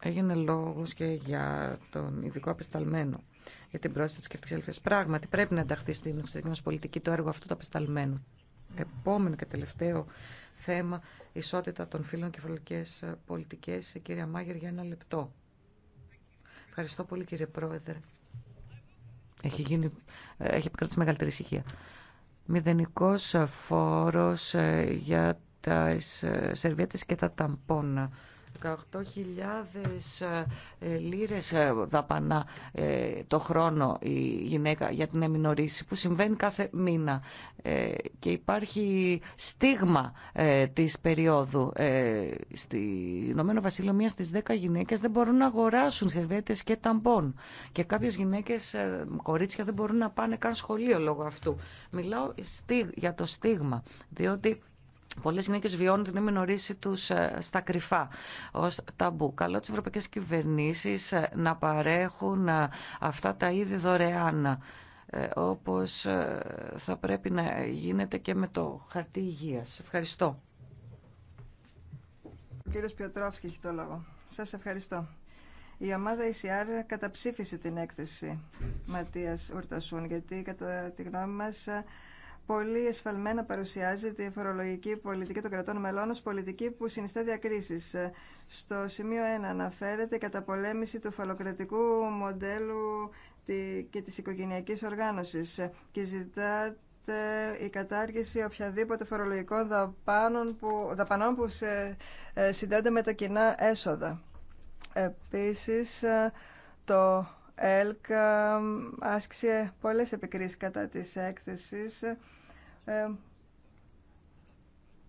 Έγινε λόγος και για τον ειδικό απεσταλμένο για την πρόσθεση της κεφτικής Πράγματι πρέπει να ενταχθεί στην εξωτερική μας πολιτική το έργο αυτό του απεσταλμένου. Επόμενο και τελευταίο θέμα, ισότητα των φίλων και πολιτικές. Κυρία Μάγερ, για ένα λεπτό. Ευχαριστώ πολύ κύριε Πρόεδρε. Έχει, γίνει, έχει επικρατήσει μεγαλύτερη ησυχία. Μηδενικό φόρος ε, για τα ε, σερβιέτε και τα ταμπόνα. 18.000 ε, ε, λίρες ε, δαπανά το χρόνο η γυναίκα για την εμεινορίση που συμβαίνει κάθε μήνα και υπάρχει στίγμα της περίοδου στη Ηνωμένο Βασίλειο μία στις 10 γυναίκες δεν μπορούν να αγοράσουν σερβέτες και ταμπών και κάποιες γυναίκες κορίτσια δεν μπορούν να πάνε καν σχολείο λόγω αυτού μιλάω για το στίγμα διότι Πολλέ γυναίκε βιώνουν την εμμενορίση του ε, στα κρυφά ω ταμπού. Καλό τι ευρωπαϊκέ κυβερνήσει ε, να παρέχουν ε, αυτά τα είδη δωρεάν όπως θα πρέπει να γίνεται και με το χαρτί υγείας. Ευχαριστώ. Ο κύριος Πιοτρόφσκι έχει το λόγο. Σας ευχαριστώ. Η ομάδα ECR καταψήφισε την έκθεση Ματίας Ουρτασούν γιατί κατά τη γνώμη μας πολύ εσφαλμένα παρουσιάζεται η φορολογική πολιτική των κρατών μελών ως πολιτική που συνιστά διακρίσεις. Στο σημείο 1 αναφέρεται η καταπολέμηση του φαλοκρατικού μοντέλου και της οικογενειακής οργάνωσης και ζητά η κατάργηση οποιαδήποτε φορολογικών δαπάνων που, δαπανών που ε, συνδέονται με τα κοινά έσοδα. Επίσης, ε, το ΕΛΚ ε, άσκησε πολλές επικρίσεις κατά της έκθεσης ε,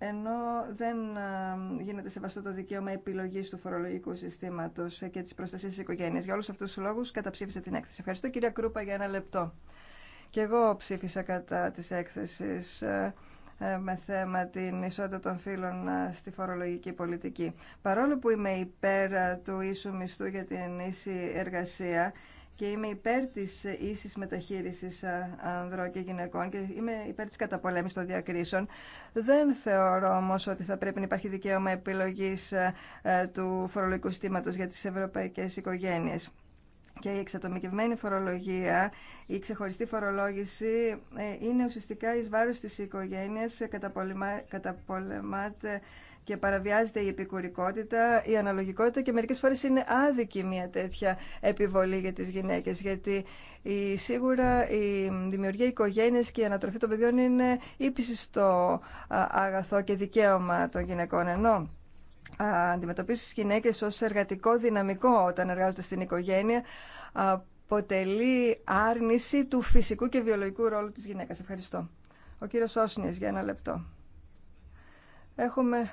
ενώ δεν ε, γίνεται σεβαστό το δικαίωμα επιλογής του φορολογικού συστήματος ε, και τη προστασία τη οικογένειας. Για όλου αυτού του λόγου καταψήφισα την έκθεση. Ευχαριστώ κυρία Κρούπα για ένα λεπτό. Και εγώ ψήφισα κατά της έκθεσης με θέμα την ισότητα των φύλων στη φορολογική πολιτική. Παρόλο που είμαι υπέρ του ίσου μισθού για την ίση εργασία, και είμαι υπέρ τη ίσης μεταχείρισης ανδρών και γυναικών και είμαι υπέρ τη καταπολέμησης των διακρίσεων. Δεν θεωρώ όμω ότι θα πρέπει να υπάρχει δικαίωμα επιλογής του φορολογικού συστήματος για τις ευρωπαϊκές οικογένειε. Και η εξατομικευμένη φορολογία, η ξεχωριστή φορολόγηση ε, είναι ουσιαστικά εις βάρος της οικογένειας, ε, καταπολεμάται και παραβιάζεται η επικουρικότητα, η αναλογικότητα και μερικές φορές είναι άδικη μια τέτοια επιβολή για τις γυναίκες γιατί η, σίγουρα η δημιουργία οικογένειας και η ανατροφή των παιδιών είναι στο αγαθό και δικαίωμα των γυναικών ενώ αντιμετωπίσει τις γυναίκες ως εργατικό δυναμικό όταν εργάζονται στην οικογένεια αποτελεί άρνηση του φυσικού και βιολογικού ρόλου της γυναίκας. Ευχαριστώ. Ο κύριος Όσνιες, για ένα λεπτό. Έχουμε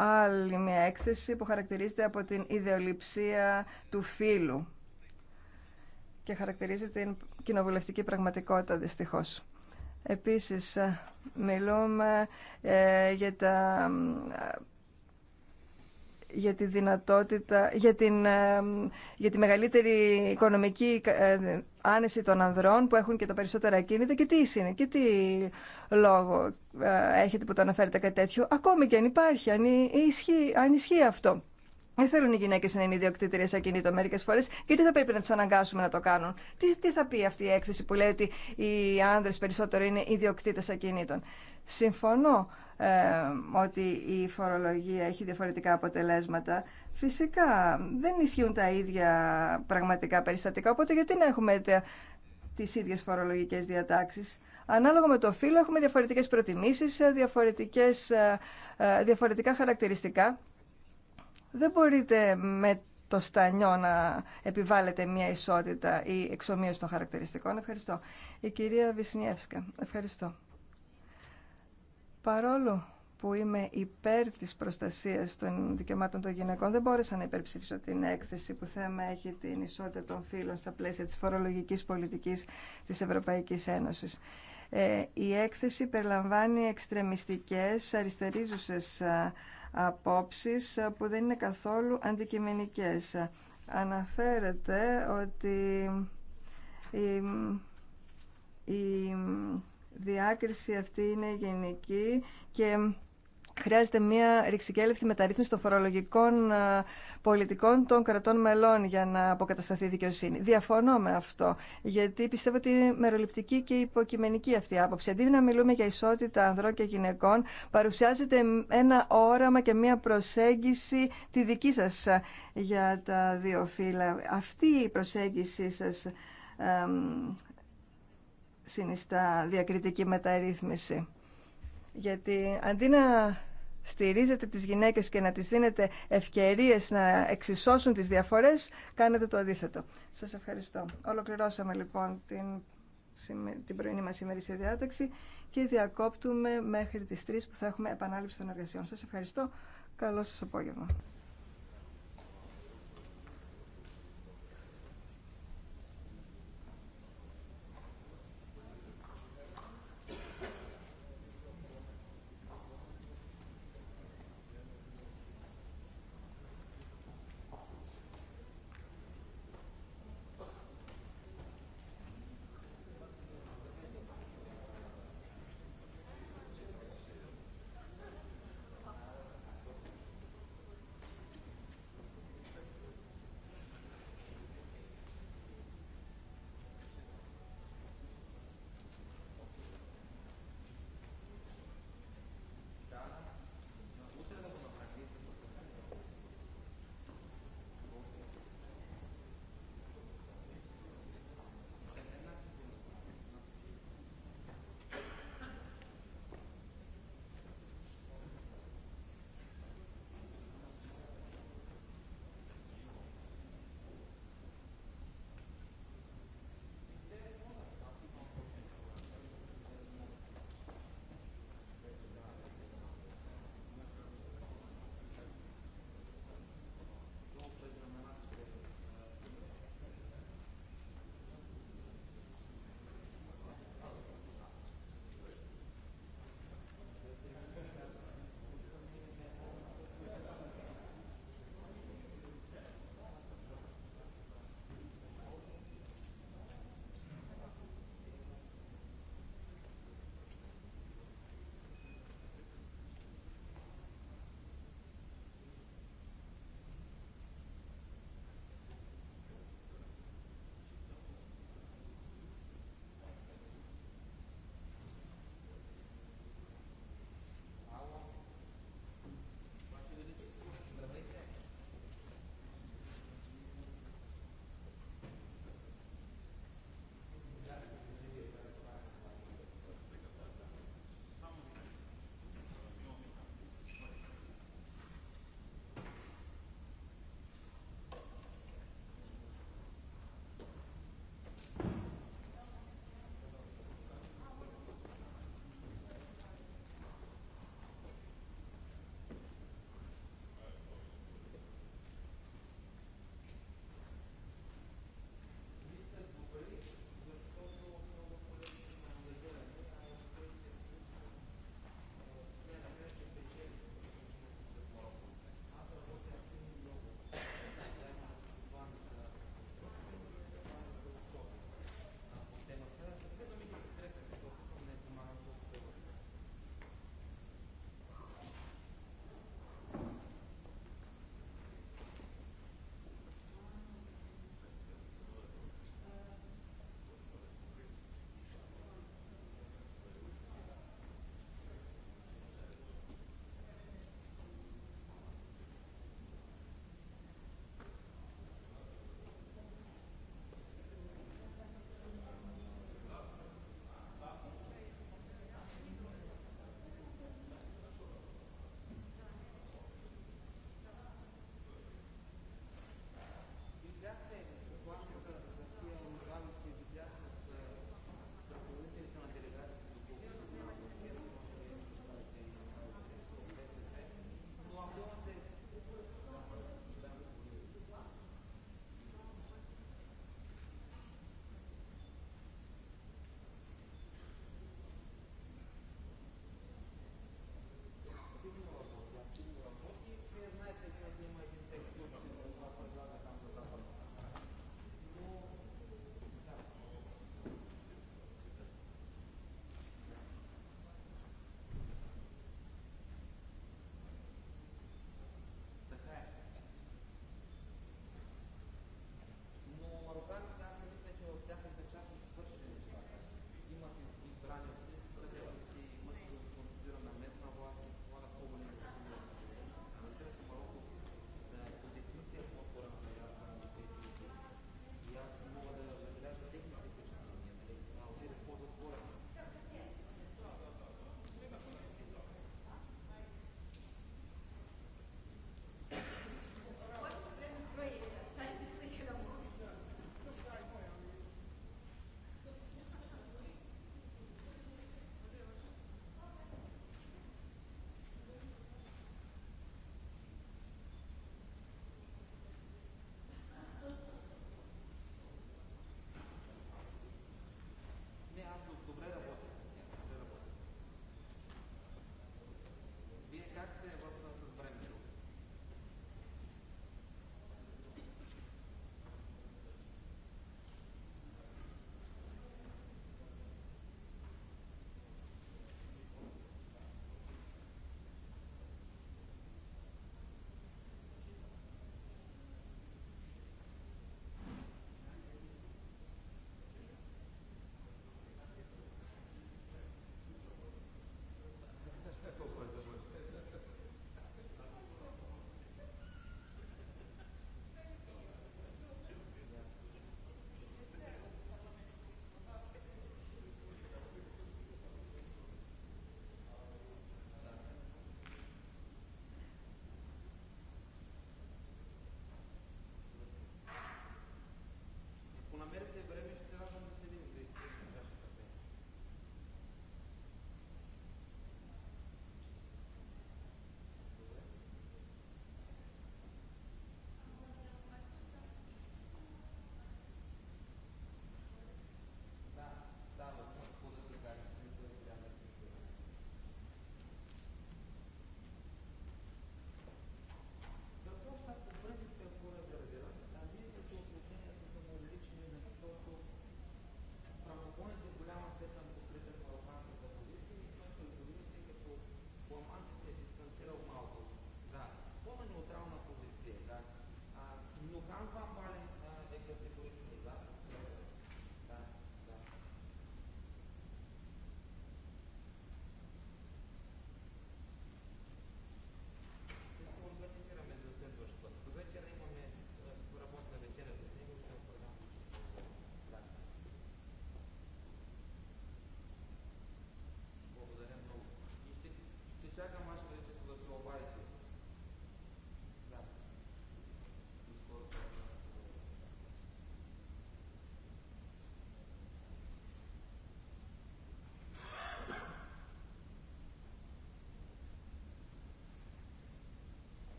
άλλη μια έκθεση που χαρακτηρίζεται από την ιδεολειψία του φίλου και χαρακτηρίζει την κοινοβουλευτική πραγματικότητα δυστυχώς. Επίσης, ε, μιλούμε ε, για τα για τη δυνατότητα, για, την, ε, για τη μεγαλύτερη οικονομική ε, άνεση των ανδρών που έχουν και τα περισσότερα κίνητα και τι είναι και τι λόγο ε, έχετε που το αναφέρετε κάτι τέτοιο ακόμη και αν υπάρχει, αν ισχύει, αν ισχύει αυτό. Δεν θέλουν οι γυναίκε να είναι ιδιοκτήτριε ακινήτων μερικέ φορέ. τι θα πρέπει να του αναγκάσουμε να το κάνουν. Τι, τι θα πει αυτή η έκθεση που λέει ότι οι άνδρε περισσότερο είναι ιδιοκτήτε ακινήτων. Συμφωνώ ε, ότι η φορολογία έχει διαφορετικά αποτελέσματα. Φυσικά δεν ισχύουν τα ίδια πραγματικά περιστατικά, οπότε γιατί να έχουμε τις ίδιες φορολογικές διατάξεις. Ανάλογα με το φύλλο έχουμε διαφορετικές προτιμήσεις, ε, διαφορετικές, ε, διαφορετικά χαρακτηριστικά. Δεν μπορείτε με το στανιό να επιβάλλετε μια ισότητα ή εξομοίωση των χαρακτηριστικών. Ευχαριστώ. Η κυρία Βυσνιεύσκα. Ευχαριστώ παρόλο που είμαι υπέρ της προστασίας των δικαιωμάτων των γυναικών, δεν μπόρεσα να υπερψήφισω την έκθεση που θέμα έχει την ισότητα των φύλων στα πλαίσια της φορολογικής πολιτικής της Ευρωπαϊκής Ένωσης. Ε, η έκθεση περιλαμβάνει εξτρεμιστικές, αριστερίζουσες απόψεις που δεν είναι καθόλου αντικειμενικές. Αναφέρεται ότι η, η διάκριση αυτή είναι γενική και χρειάζεται μια ρηξικέλευτη μεταρρύθμιση των φορολογικών ε, πολιτικών των κρατών μελών για να αποκατασταθεί η δικαιοσύνη. Διαφωνώ με αυτό, γιατί πιστεύω ότι είναι μεροληπτική και υποκειμενική αυτή η άποψη. Αντί να μιλούμε για ισότητα ανδρών και γυναικών, παρουσιάζεται ένα όραμα και μια προσέγγιση τη δική σας ε, για τα δύο φύλλα. Αυτή η προσέγγιση σας ε, συνιστά διακριτική μεταρρύθμιση. Γιατί αντί να στηρίζετε τις γυναίκες και να τις δίνετε ευκαιρίες να εξισώσουν τις διαφορές, κάνετε το αντίθετο. Σας ευχαριστώ. Ολοκληρώσαμε λοιπόν την, την πρωινή μας ημερήσια διάταξη και διακόπτουμε μέχρι τις 3 που θα έχουμε επανάληψη των εργασιών. Σας ευχαριστώ. Καλό σας απόγευμα.